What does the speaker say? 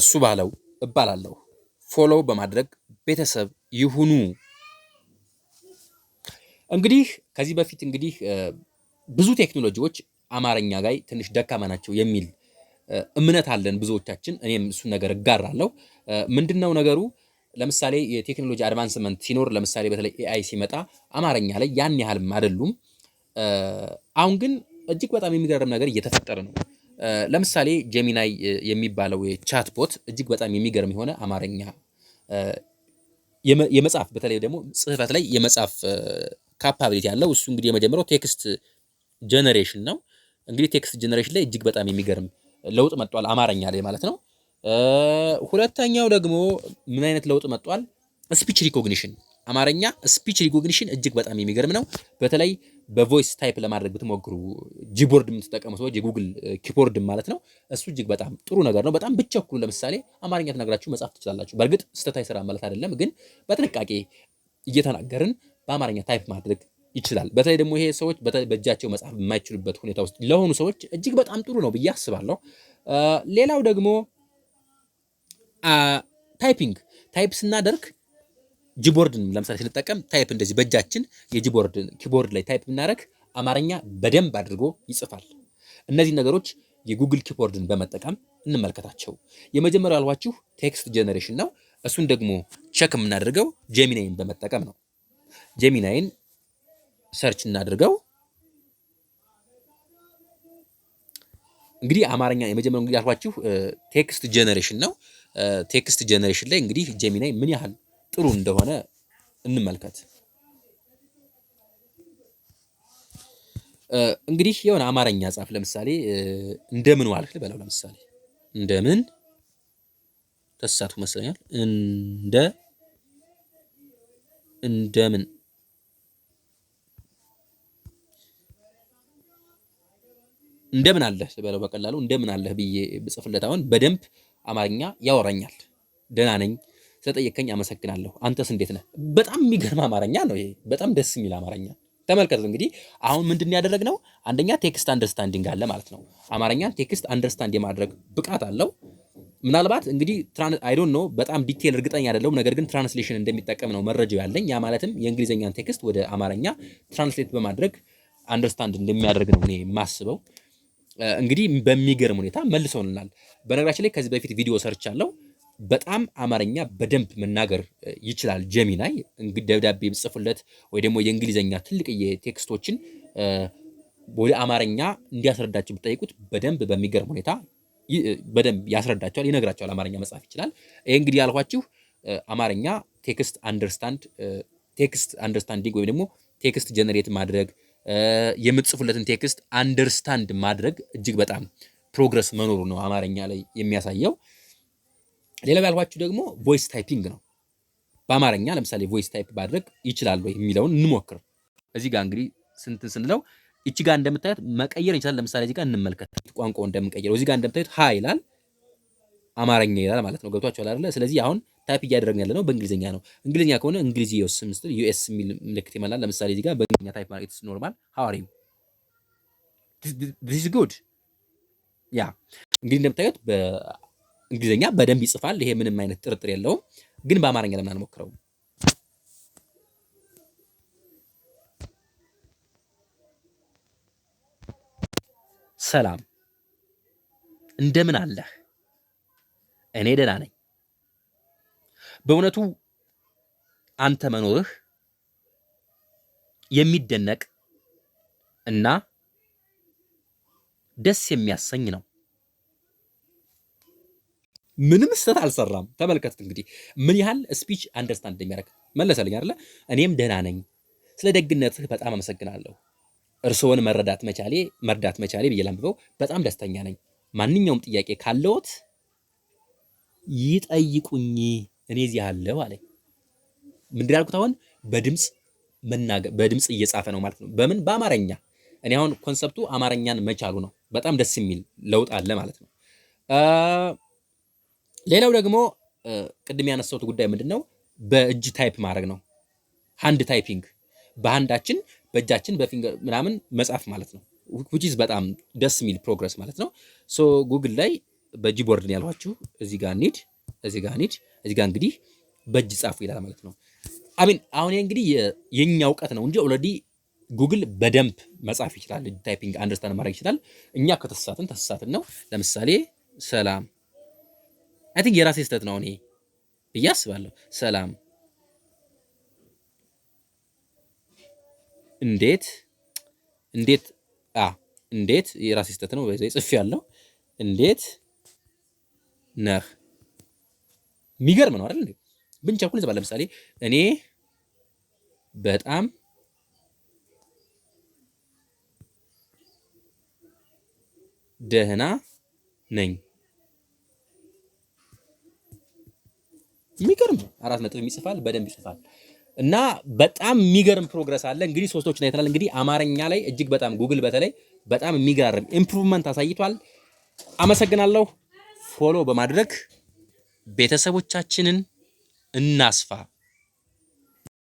እሱ ባለው እባላለሁ። ፎሎው በማድረግ ቤተሰብ ይሁኑ። እንግዲህ ከዚህ በፊት እንግዲህ ብዙ ቴክኖሎጂዎች አማርኛ ላይ ትንሽ ደካማ ናቸው የሚል እምነት አለን ብዙዎቻችን። እኔም እሱን ነገር እጋራለሁ። ምንድነው ነገሩ? ለምሳሌ የቴክኖሎጂ አድቫንስመንት ሲኖር ለምሳሌ በተለይ ኤአይ ሲመጣ አማርኛ ላይ ያን ያህልም አይደሉም። አሁን ግን እጅግ በጣም የሚገርም ነገር እየተፈጠረ ነው። ለምሳሌ ጀሚናይ የሚባለው የቻትቦት እጅግ በጣም የሚገርም የሆነ አማርኛ የመጻፍ በተለይ ደግሞ ጽህፈት ላይ የመጻፍ ካፓቢሊቲ ያለው እሱ እንግዲህ የመጀመሪያው ቴክስት ጀነሬሽን ነው። እንግዲህ ቴክስት ጀነሬሽን ላይ እጅግ በጣም የሚገርም ለውጥ መጥቷል፣ አማርኛ ላይ ማለት ነው። ሁለተኛው ደግሞ ምን አይነት ለውጥ መጥቷል? ስፒች ሪኮግኒሽን አማርኛ ስፒች ሪኮግኒሽን እጅግ በጣም የሚገርም ነው። በተለይ በቮይስ ታይፕ ለማድረግ ብትሞክሩ ጂቦርድ የምትጠቀሙ ሰዎች የጉግል ኪቦርድ ማለት ነው። እሱ እጅግ በጣም ጥሩ ነገር ነው። በጣም ብትቸኩሉ ለምሳሌ አማርኛ ተናግራችሁ መጻፍ ትችላላችሁ። በእርግጥ ስህተት ስራ ማለት አይደለም፣ ግን በጥንቃቄ እየተናገርን በአማርኛ ታይፕ ማድረግ ይችላል። በተለይ ደግሞ ይሄ ሰዎች በእጃቸው መጻፍ የማይችሉበት ሁኔታ ውስጥ ለሆኑ ሰዎች እጅግ በጣም ጥሩ ነው ብዬ አስባለሁ። ሌላው ደግሞ ታይፒንግ ታይፕ ስናደርግ ጂቦርድን ለምሳሌ ስንጠቀም ታይፕ እንደዚህ በእጃችን የጂቦርድ ኪቦርድ ላይ ታይፕ ብናደረግ አማርኛ በደንብ አድርጎ ይጽፋል። እነዚህ ነገሮች የጉግል ኪቦርድን በመጠቀም እንመልከታቸው። የመጀመሪያው ያልኋችሁ ቴክስት ጀነሬሽን ነው። እሱን ደግሞ ቸክ የምናደርገው ጄሚናይን በመጠቀም ነው። ጄሚናይን ሰርች እናድርገው። እንግዲህ አማርኛ የመጀመሪያው እንግዲህ ያልኋችሁ ቴክስት ጀነሬሽን ነው። ቴክስት ጀነሬሽን ላይ እንግዲህ ጄሚናይ ምን ያህል ጥሩ እንደሆነ እንመልከት። እንግዲህ የሆነ አማርኛ ጻፍ። ለምሳሌ እንደምን ዋልክ ልበለው። ለምሳሌ እንደምን ተሳቱ መስለኛል። እንደ እንደምን እንደምን አለህ ልበለው። በቀላሉ እንደምን አለህ ብዬ ብጽፍለት አሁን በደንብ አማርኛ ያወራኛል። ደህና ነኝ ስለጠየቀኝ አመሰግናለሁ። አንተስ እንዴት ነህ? በጣም የሚገርም አማርኛ ነው ይሄ፣ በጣም ደስ የሚል አማርኛ ተመልከት እንግዲህ አሁን ምንድን ያደረግነው አንደኛ ቴክስት አንደርስታንዲንግ አለ ማለት ነው። አማርኛን ቴክስት አንደርስታንድ የማድረግ ብቃት አለው። ምናልባት እንግዲህ አይ ዶንት ኖ በጣም ዲቴል እርግጠኛ አይደለሁም፣ ነገር ግን ትራንስሌሽን እንደሚጠቀም ነው መረጃው ያለኝ። ያ ማለትም የእንግሊዝኛን ቴክስት ወደ አማርኛ ትራንስሌት በማድረግ አንደርስታንድ እንደሚያደርግ ነው እኔ የማስበው። እንግዲህ በሚገርም ሁኔታ መልሶልናል። በነገራችን ላይ ከዚህ በፊት ቪዲዮ ሰርቻለሁ። በጣም አማርኛ በደንብ መናገር ይችላል። ጀሚናይ እንግዲህ ደብዳቤ ጽፍለት ወይ ደግሞ የእንግሊዝኛ ትልቅ የቴክስቶችን ወደ አማርኛ እንዲያስረዳቸው ብጠይቁት በደንብ በሚገርም ሁኔታ በደንብ ያስረዳቸዋል፣ ይነግራቸዋል። አማርኛ መጻፍ ይችላል። ይሄ እንግዲህ ያልኳችሁ አማርኛ ቴክስት አንደርስታንድ ቴክስት አንደርስታንዲንግ ወይም ደግሞ ቴክስት ጀነሬት ማድረግ የምትጽፉለትን ቴክስት አንደርስታንድ ማድረግ እጅግ በጣም ፕሮግረስ መኖሩ ነው አማርኛ ላይ የሚያሳየው። ሌላው ያልኳችሁ ደግሞ ቮይስ ታይፒንግ ነው። በአማርኛ ለምሳሌ ቮይስ ታይፕ ባድረግ ይችላል ወይ የሚለውን እንሞክር። እዚህ ጋር እንግዲህ ስንት ስንለው እቺ ጋር እንደምታዩት መቀየር እንችላል። ለምሳሌ እዚህ ጋር እንመልከት ቋንቋው እንደምንቀይረው እዚህ ጋር እንደምታዩት ሀ ይላል አማርኛ ይላል ማለት ነው። ገብቷችኋል አይደለ? ስለዚህ አሁን ታይፕ እያደረግን ያለ ነው በእንግሊዝኛ ነው። እንግሊዝኛ ከሆነ እንግሊዝ ስም ምስል ዩኤስ የሚል ምልክት ይመላል። ለምሳሌ እዚህ ጋር በእንግሊዝኛ ታይፕ ማድረግ ኖርማል አር ዩ ዲስ ጉድ ያ እንግዲህ እንደምታዩት እንግሊዝኛ በደንብ ይጽፋል። ይሄ ምንም አይነት ጥርጥር የለውም። ግን በአማርኛ ለምን አልሞክረውም? ሰላም እንደምን አለህ? እኔ ደህና ነኝ። በእውነቱ አንተ መኖርህ የሚደነቅ እና ደስ የሚያሰኝ ነው። ምንም ስህተት አልሰራም። ተመልከቱት እንግዲህ ምን ያህል ስፒች አንደርስታንድ እንደሚያደርግ መለሰልኝ አለ። እኔም ደህና ነኝ፣ ስለ ደግነትህ በጣም አመሰግናለሁ። እርስዎን መረዳት መቻሌ መርዳት መቻሌ ብዬ ላንብበው፣ በጣም ደስተኛ ነኝ። ማንኛውም ጥያቄ ካለዎት ይጠይቁኝ፣ እኔ እዚህ አለው አለኝ። ምንድን ያልኩት አሁን በድምፅ መናገር በድምፅ እየጻፈ ነው ማለት ነው። በምን በአማርኛ እኔ አሁን ኮንሰፕቱ አማርኛን መቻሉ ነው። በጣም ደስ የሚል ለውጥ አለ ማለት ነው። ሌላው ደግሞ ቅድም ያነሳሁት ጉዳይ ምንድን ነው? በእጅ ታይፕ ማድረግ ነው። ሃንድ ታይፒንግ በሃንዳችን በእጃችን በፊንገር ምናምን መጻፍ ማለት ነው። ዊች በጣም ደስ የሚል ፕሮግረስ ማለት ነው። ሶ ጉግል ላይ በጂቦርድ ነው ያልኋችሁ። እዚህ ጋር ኒድ፣ እዚህ ጋር ኒድ፣ እዚህ ጋር እንግዲህ በእጅ ጻፉ ይላል ማለት ነው። አሚን አሁን ይሄ እንግዲህ የኛ እውቀት ነው እንጂ ኦልሬዲ ጉግል በደንብ መጻፍ ይችላል። ታይፒንግ አንደርስታንድ ማድረግ ይችላል። እኛ ከተሳሳትን ተሳሳትን ነው። ለምሳሌ ሰላም አይ ቲንክ የራሴ ስህተት ነው እኔ ብዬ አስባለሁ። ሰላም እንዴት እንዴት አ እንዴት የራሴ ስህተት ነው በዚህ ጽፍ ያለው እንዴት ነህ የሚገርም ነው አይደል? ብንቻ ብንቸኩል ዝባል ለምሳሌ እኔ በጣም ደህና ነኝ የሚገርም አራት ነጥብ ይጽፋል፣ በደንብ ይጽፋል እና በጣም የሚገርም ፕሮግረስ አለ። እንግዲህ ሶስቶችን አይተናል። እንግዲህ አማርኛ ላይ እጅግ በጣም ጉግል በተለይ በጣም የሚገራርም ኢምፕሩቭመንት አሳይቷል። አመሰግናለሁ። ፎሎ በማድረግ ቤተሰቦቻችንን እናስፋ።